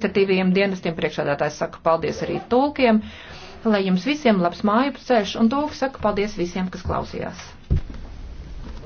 administratīviem dienestiem. Priekšādātājs saka paldies arī tulkiem. Lai jums visiem labs māju ceļš un tulks saka paldies visiem, kas klausījās.